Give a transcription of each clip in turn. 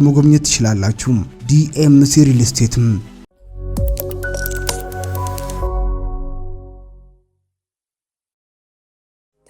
በቀላል መጎብኘት ትችላላችሁ። ዲኤምሲ ሪል ስቴትም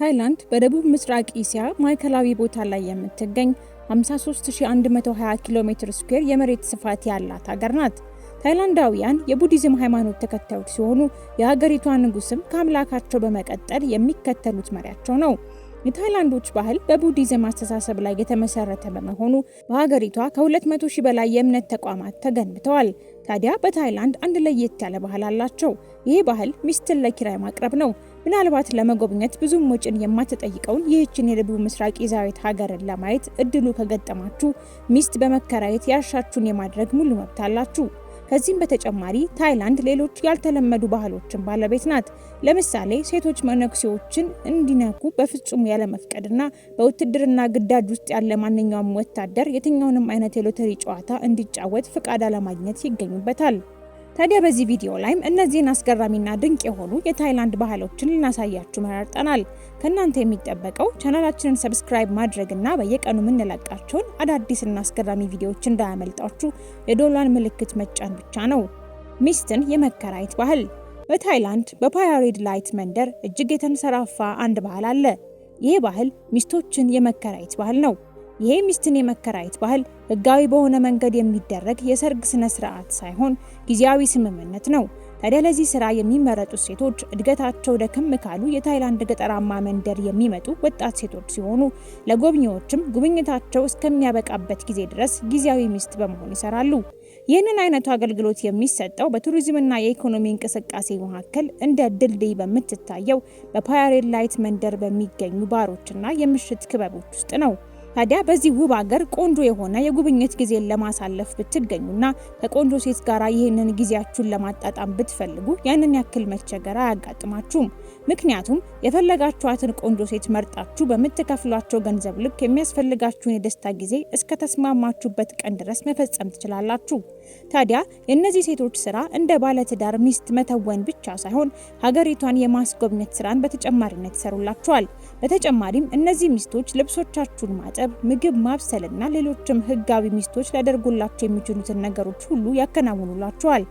ታይላንድ በደቡብ ምስራቅ እስያ ማዕከላዊ ቦታ ላይ የምትገኝ 53120 ኪሎ ሜትር ስኩዌር የመሬት ስፋት ያላት ሀገር ናት። ታይላንዳውያን የቡዲዝም ሃይማኖት ተከታዮች ሲሆኑ የሀገሪቷ ንጉስም ከአምላካቸው በመቀጠል የሚከተሉት መሪያቸው ነው። የታይላንዶች ባህል በቡዲዝም አስተሳሰብ ላይ የተመሰረተ በመሆኑ በሀገሪቷ ከ200 ሺህ በላይ የእምነት ተቋማት ተገንብተዋል። ታዲያ በታይላንድ አንድ ለየት ያለ ባህል አላቸው። ይህ ባህል ሚስትን ለኪራይ ማቅረብ ነው። ምናልባት ለመጎብኘት ብዙም ወጪን የማትጠይቀውን ይህችን የደቡብ ምስራቅ ኤዥያዊት ሀገርን ለማየት እድሉ ከገጠማችሁ ሚስት በመከራየት ያሻችሁን የማድረግ ሙሉ መብት አላችሁ። ከዚህም በተጨማሪ ታይላንድ ሌሎች ያልተለመዱ ባህሎችን ባለቤት ናት። ለምሳሌ ሴቶች መነኩሴዎችን እንዲነኩ በፍጹም ያለመፍቀድና በውትድርና ግዳጅ ውስጥ ያለ ማንኛውም ወታደር የትኛውንም አይነት የሎተሪ ጨዋታ እንዲጫወት ፍቃድ አለማግኘት ይገኙበታል። ታዲያ በዚህ ቪዲዮ ላይም እነዚህን አስገራሚና ድንቅ የሆኑ የታይላንድ ባህሎችን ልናሳያችሁ መራርጠናል። ከእናንተ የሚጠበቀው ቻናላችንን ሰብስክራይብ ማድረግና በየቀኑ የምንለቃቸውን አዳዲስና አስገራሚ ቪዲዮዎች እንዳያመልጣችሁ የዶሏን ምልክት መጫን ብቻ ነው። ሚስትን የመከራየት ባህል በታይላንድ በፓያሪድ ላይት መንደር እጅግ የተንሰራፋ አንድ ባህል አለ። ይህ ባህል ሚስቶችን የመከራየት ባህል ነው። ይሄ ሚስትን የመከራየት ባህል ህጋዊ በሆነ መንገድ የሚደረግ የሰርግ ስነ ስርዓት ሳይሆን ጊዜያዊ ስምምነት ነው። ታዲያ ለዚህ ስራ የሚመረጡት ሴቶች እድገታቸው ደክም ካሉ የታይላንድ ገጠራማ መንደር የሚመጡ ወጣት ሴቶች ሲሆኑ ለጎብኚዎችም ጉብኝታቸው እስከሚያበቃበት ጊዜ ድረስ ጊዜያዊ ሚስት በመሆን ይሰራሉ። ይህንን አይነቱ አገልግሎት የሚሰጠው በቱሪዝምና የኢኮኖሚ እንቅስቃሴ መካከል እንደ ድልድይ በምትታየው በፓያሬ ላይት መንደር በሚገኙ ባሮችና የምሽት ክበቦች ውስጥ ነው። ታዲያ በዚህ ውብ ሀገር ቆንጆ የሆነ የጉብኝት ጊዜን ለማሳለፍ ብትገኙና ከቆንጆ ሴት ጋር ይህንን ጊዜያችሁን ለማጣጣም ብትፈልጉ ያንን ያክል መቸገር አያጋጥማችሁም። ምክንያቱም የፈለጋችኋትን ቆንጆ ሴት መርጣችሁ በምትከፍሏቸው ገንዘብ ልክ የሚያስፈልጋችሁን የደስታ ጊዜ እስከ ተስማማችሁበት ቀን ድረስ መፈጸም ትችላላችሁ። ታዲያ የእነዚህ ሴቶች ስራ እንደ ባለትዳር ሚስት መተወን ብቻ ሳይሆን ሀገሪቷን የማስጎብኘት ስራን በተጨማሪነት ይሰሩላቸዋል። በተጨማሪም እነዚህ ሚስቶች ልብሶቻችሁን ማጠብ፣ ምግብ ማብሰልና ሌሎችም ህጋዊ ሚስቶች ሊያደርጉላቸው የሚችሉትን ነገሮች ሁሉ ያከናውኑላቸዋል።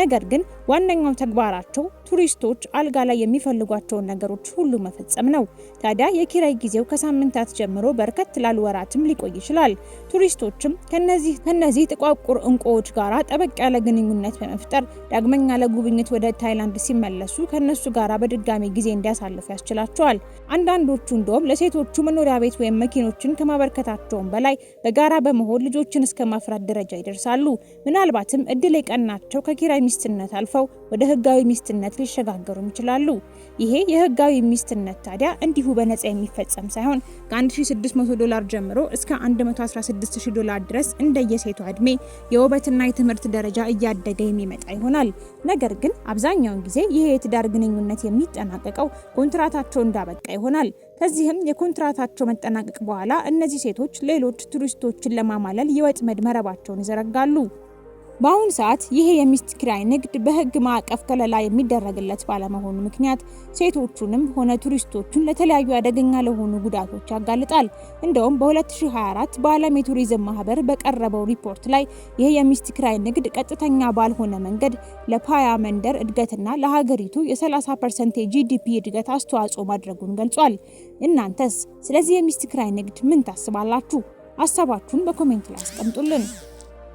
ነገር ግን ዋነኛው ተግባራቸው ቱሪስቶች አልጋ ላይ የሚፈልጓቸውን ነገሮች ሁሉ መፈጸም ነው። ታዲያ የኪራይ ጊዜው ከሳምንታት ጀምሮ በርከት ላሉ ወራትም ሊቆይ ይችላል። ቱሪስቶችም ከነዚህ ከነዚህ ጥቋቁር እንቁዎች ጋራ ጠበቅ ያለ ግንኙነት በመፍጠር ዳግመኛ ለጉብኝት ወደ ታይላንድ ሲመለሱ ከነሱ ጋራ በድጋሚ ጊዜ እንዲያሳልፉ ያስችላቸዋል። አንዳንዶቹ እንደውም ለሴቶቹ መኖሪያ ቤት ወይም መኪኖችን ከማበርከታቸውም በላይ በጋራ በመሆን ልጆችን እስከ ማፍራት ደረጃ ይደርሳሉ። ምናልባትም እድል የቀናቸው ከኪራይ ሚስትነት አልፈው ወደ ህጋዊ ሚስትነት ሊሸጋገሩም ይችላሉ። ይሄ የህጋዊ ሚስትነት ታዲያ እንዲሁ በነጻ የሚፈጸም ሳይሆን ከ1600 ዶላር ጀምሮ እስከ 116000 ዶላር ድረስ እንደየሴቷ እድሜ የውበትና የትምህርት ደረጃ እያደገ የሚመጣ ይሆናል። ነገር ግን አብዛኛውን ጊዜ ይሄ የትዳር ግንኙነት የሚጠናቀቀው ኮንትራታቸው እንዳበቃ ይሆናል። ከዚህም የኮንትራታቸው መጠናቀቅ በኋላ እነዚህ ሴቶች ሌሎች ቱሪስቶችን ለማማለል የወጥመድ መረባቸውን ይዘረጋሉ። በአሁኑ ሰዓት ይሄ የሚስት ኪራይ ንግድ በህግ ማዕቀፍ ከለላ የሚደረግለት ባለመሆኑ ምክንያት ሴቶቹንም ሆነ ቱሪስቶቹን ለተለያዩ አደገኛ ለሆኑ ጉዳቶች ያጋልጣል። እንደውም በ2024 በዓለም የቱሪዝም ማህበር በቀረበው ሪፖርት ላይ ይህ የሚስት ኪራይ ንግድ ቀጥተኛ ባልሆነ መንገድ ለፓያ መንደር እድገትና ለሀገሪቱ የ30 ፐርሰንት የጂዲፒ እድገት አስተዋጽኦ ማድረጉን ገልጿል። እናንተስ ስለዚህ የሚስት ኪራይ ንግድ ምን ታስባላችሁ? ሀሳባችሁን በኮሜንት ላይ አስቀምጡልን።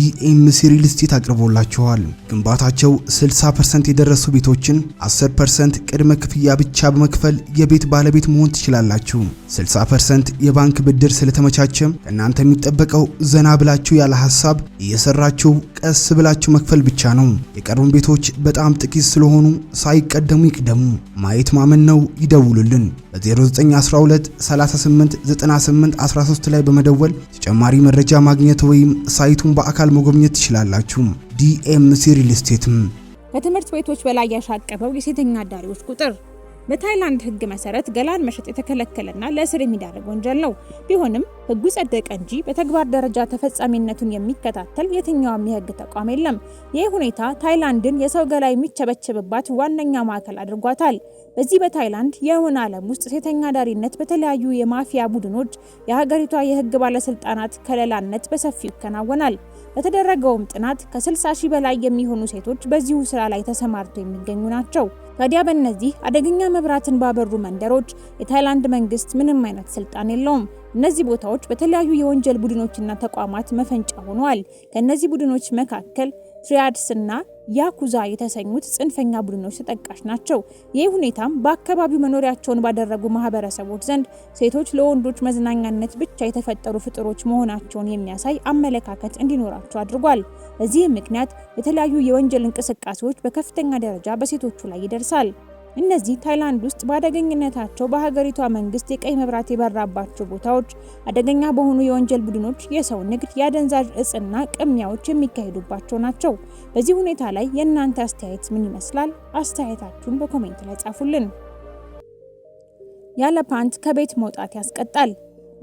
ዲኤምሲ ሪል ስቴት አቅርቦላቸዋል። ግንባታቸው 60% የደረሱ ቤቶችን 10% ቅድመ ክፍያ ብቻ በመክፈል የቤት ባለቤት መሆን ትችላላችሁ። 60% የባንክ ብድር ስለተመቻቸም ከእናንተ የሚጠበቀው ዘና ብላችሁ ያለ ሀሳብ እየሰራችሁ ቀስ ብላችሁ መክፈል ብቻ ነው። የቀሩን ቤቶች በጣም ጥቂት ስለሆኑ ሳይቀደሙ ይቅደሙ። ማየት ማመን ነው። ይደውሉልን በ በ0912389813 ላይ በመደወል ተጨማሪ መረጃ ማግኘት ወይም ሳይቱን በአካል መጎብኘት ትችላላችሁ። ዲኤምሲ ሪል ስቴትም ከትምህርት ቤቶች በላይ ያሻቀበው የሴተኛ አዳሪዎች ቁጥር በታይላንድ ህግ መሰረት ገላን መሸጥ የተከለከለና ለእስር የሚዳርግ ወንጀል ነው። ቢሆንም ህጉ ጸደቀ እንጂ በተግባር ደረጃ ተፈጻሚነቱን የሚከታተል የትኛውም የህግ ተቋም የለም። ይህ ሁኔታ ታይላንድን የሰው ገላ የሚቸበቸብባት ዋነኛ ማዕከል አድርጓታል። በዚህ በታይላንድ የሆነ ዓለም ውስጥ ሴተኛ አዳሪነት በተለያዩ የማፊያ ቡድኖች የሀገሪቷ የህግ ባለስልጣናት ከለላነት በሰፊው ይከናወናል። በተደረገውም ጥናት ከ60 ሺህ በላይ የሚሆኑ ሴቶች በዚሁ ስራ ላይ ተሰማርተው የሚገኙ ናቸው። ታዲያ በእነዚህ አደገኛ መብራትን ባበሩ መንደሮች የታይላንድ መንግስት ምንም አይነት ስልጣን የለውም። እነዚህ ቦታዎች በተለያዩ የወንጀል ቡድኖችና ተቋማት መፈንጫ ሆነዋል። ከእነዚህ ቡድኖች መካከል ትሪያድስ እና ያኩዛ የተሰኙት ጽንፈኛ ቡድኖች ተጠቃሽ ናቸው። ይህ ሁኔታም በአካባቢው መኖሪያቸውን ባደረጉ ማህበረሰቦች ዘንድ ሴቶች ለወንዶች መዝናኛነት ብቻ የተፈጠሩ ፍጥሮች መሆናቸውን የሚያሳይ አመለካከት እንዲኖራቸው አድርጓል። በዚህም ምክንያት የተለያዩ የወንጀል እንቅስቃሴዎች በከፍተኛ ደረጃ በሴቶቹ ላይ ይደርሳል። እነዚህ ታይላንድ ውስጥ በአደገኝነታቸው በሀገሪቷ መንግስት የቀይ መብራት የበራባቸው ቦታዎች አደገኛ በሆኑ የወንጀል ቡድኖች የሰው ንግድ፣ የአደንዛዥ እጽና ቅሚያዎች የሚካሄዱባቸው ናቸው። በዚህ ሁኔታ ላይ የእናንተ አስተያየት ምን ይመስላል? አስተያየታችሁን በኮሜንት ላይ ጻፉልን። ያለ ፓንት ከቤት መውጣት ያስቀጣል።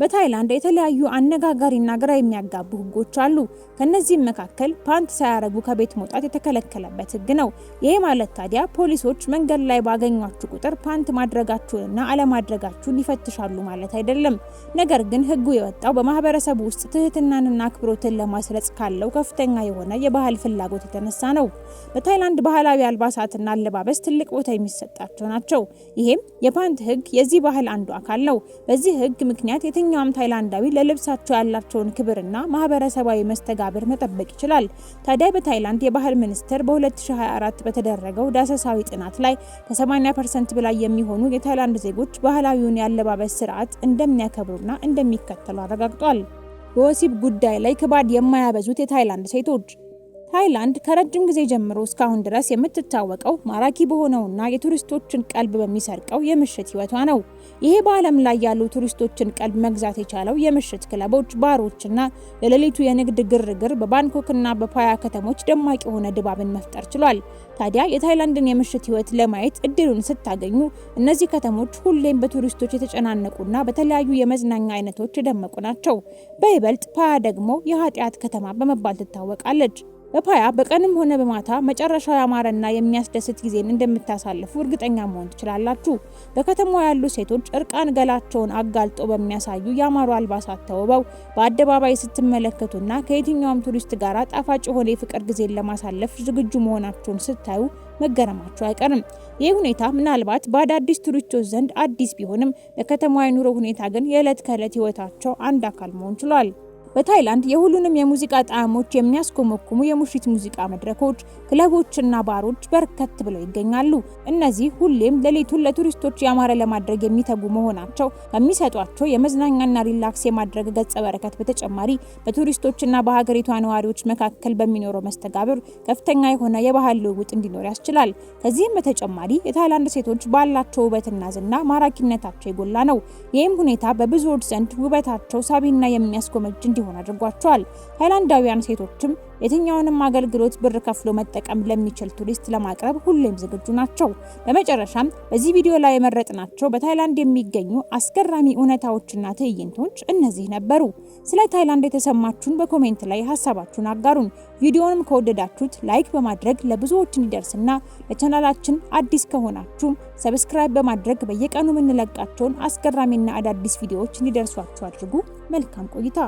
በታይላንድ የተለያዩ አነጋጋሪና ግራ የሚያጋቡ ህጎች አሉ። ከነዚህም መካከል ፓንት ሳያረጉ ከቤት መውጣት የተከለከለበት ህግ ነው። ይህ ማለት ታዲያ ፖሊሶች መንገድ ላይ ባገኟችሁ ቁጥር ፓንት ማድረጋችሁንና አለማድረጋችሁን ይፈትሻሉ ማለት አይደለም። ነገር ግን ህጉ የወጣው በማህበረሰቡ ውስጥ ትህትናንና አክብሮትን ለማስረጽ ካለው ከፍተኛ የሆነ የባህል ፍላጎት የተነሳ ነው። በታይላንድ ባህላዊ አልባሳትና አለባበስ ትልቅ ቦታ የሚሰጣቸው ናቸው። ይህም የፓንት ህግ የዚህ ባህል አንዱ አካል ነው። በዚህ ህግ ምክንያት ማንኛውም ታይላንዳዊ ለልብሳቸው ያላቸውን ክብርና ማህበረሰባዊ መስተጋብር መጠበቅ ይችላል። ታዲያ በታይላንድ የባህል ሚኒስቴር በ2024 በተደረገው ዳሰሳዊ ጥናት ላይ ከ80 ፐርሰንት በላይ የሚሆኑ የታይላንድ ዜጎች ባህላዊውን የአለባበስ ስርዓት እንደሚያከብሩና እንደሚከተሉ አረጋግጧል። በወሲብ ጉዳይ ላይ ክባድ የማያበዙት የታይላንድ ሴቶች ታይላንድ ከረጅም ጊዜ ጀምሮ እስካሁን ድረስ የምትታወቀው ማራኪ በሆነውና የቱሪስቶችን ቀልብ በሚሰርቀው የምሽት ህይወቷ ነው። ይሄ በዓለም ላይ ያሉ ቱሪስቶችን ቀልብ መግዛት የቻለው የምሽት ክለቦች፣ ባሮችና የሌሊቱ የንግድ ግርግር በባንኮክና በፓያ ከተሞች ደማቅ የሆነ ድባብን መፍጠር ችሏል። ታዲያ የታይላንድን የምሽት ህይወት ለማየት እድሉን ስታገኙ እነዚህ ከተሞች ሁሌም በቱሪስቶች የተጨናነቁና በተለያዩ የመዝናኛ አይነቶች የደመቁ ናቸው። በይበልጥ ፓያ ደግሞ የኃጢአት ከተማ በመባል ትታወቃለች። በፓያ በቀንም ሆነ በማታ መጨረሻው ያማረና የሚያስደስት ጊዜን እንደምታሳልፉ እርግጠኛ መሆን ትችላላችሁ። በከተማው ያሉ ሴቶች እርቃን ገላቸውን አጋልጦ በሚያሳዩ ያማሩ አልባሳት ተውበው በአደባባይ ስትመለከቱና ከየትኛውም ቱሪስት ጋር ጣፋጭ የሆነ የፍቅር ጊዜን ለማሳለፍ ዝግጁ መሆናቸውን ስታዩ መገረማቸው አይቀርም። ይህ ሁኔታ ምናልባት በአዳዲስ ቱሪስቶች ዘንድ አዲስ ቢሆንም በከተማዋ የኑሮ ሁኔታ ግን የዕለት ከዕለት ህይወታቸው አንድ አካል መሆን ችሏል። በታይላንድ የሁሉንም የሙዚቃ ጣዕሞች የሚያስኮመኩሙ የሙሽት ሙዚቃ መድረኮች፣ ክለቦችና ባሮች በርከት ብለው ይገኛሉ። እነዚህ ሁሌም ሌሊቱን ለቱሪስቶች ያማረ ለማድረግ የሚተጉ መሆናቸው ከሚሰጧቸው የመዝናኛና ሪላክስ የማድረግ ገጸ በረከት በተጨማሪ በቱሪስቶችና በሀገሪቷ ነዋሪዎች መካከል በሚኖረው መስተጋብር ከፍተኛ የሆነ የባህል ልውውጥ እንዲኖር ያስችላል። ከዚህም በተጨማሪ የታይላንድ ሴቶች ባላቸው ውበትና ዝና ማራኪነታቸው የጎላ ነው። ይህም ሁኔታ በብዙዎች ዘንድ ውበታቸው ሳቢና የሚያስጎመጅ እንዲሆን እንዲሆን አድርጓቸዋል። ታይላንዳውያን ሴቶችም የትኛውንም አገልግሎት ብር ከፍሎ መጠቀም ለሚችል ቱሪስት ለማቅረብ ሁሌም ዝግጁ ናቸው። በመጨረሻም በዚህ ቪዲዮ ላይ የመረጥናቸው በታይላንድ የሚገኙ አስገራሚ እውነታዎችና ትዕይንቶች እነዚህ ነበሩ። ስለ ታይላንድ የተሰማችሁን በኮሜንት ላይ ሀሳባችሁን አጋሩን። ቪዲዮንም ከወደዳችሁት ላይክ በማድረግ ለብዙዎች እንዲደርስና ለቻናላችን አዲስ ከሆናችሁ ሰብስክራይብ በማድረግ በየቀኑ የምንለቃቸውን አስገራሚና አዳዲስ ቪዲዮዎች እንዲደርሷችሁ አድርጉ። መልካም ቆይታ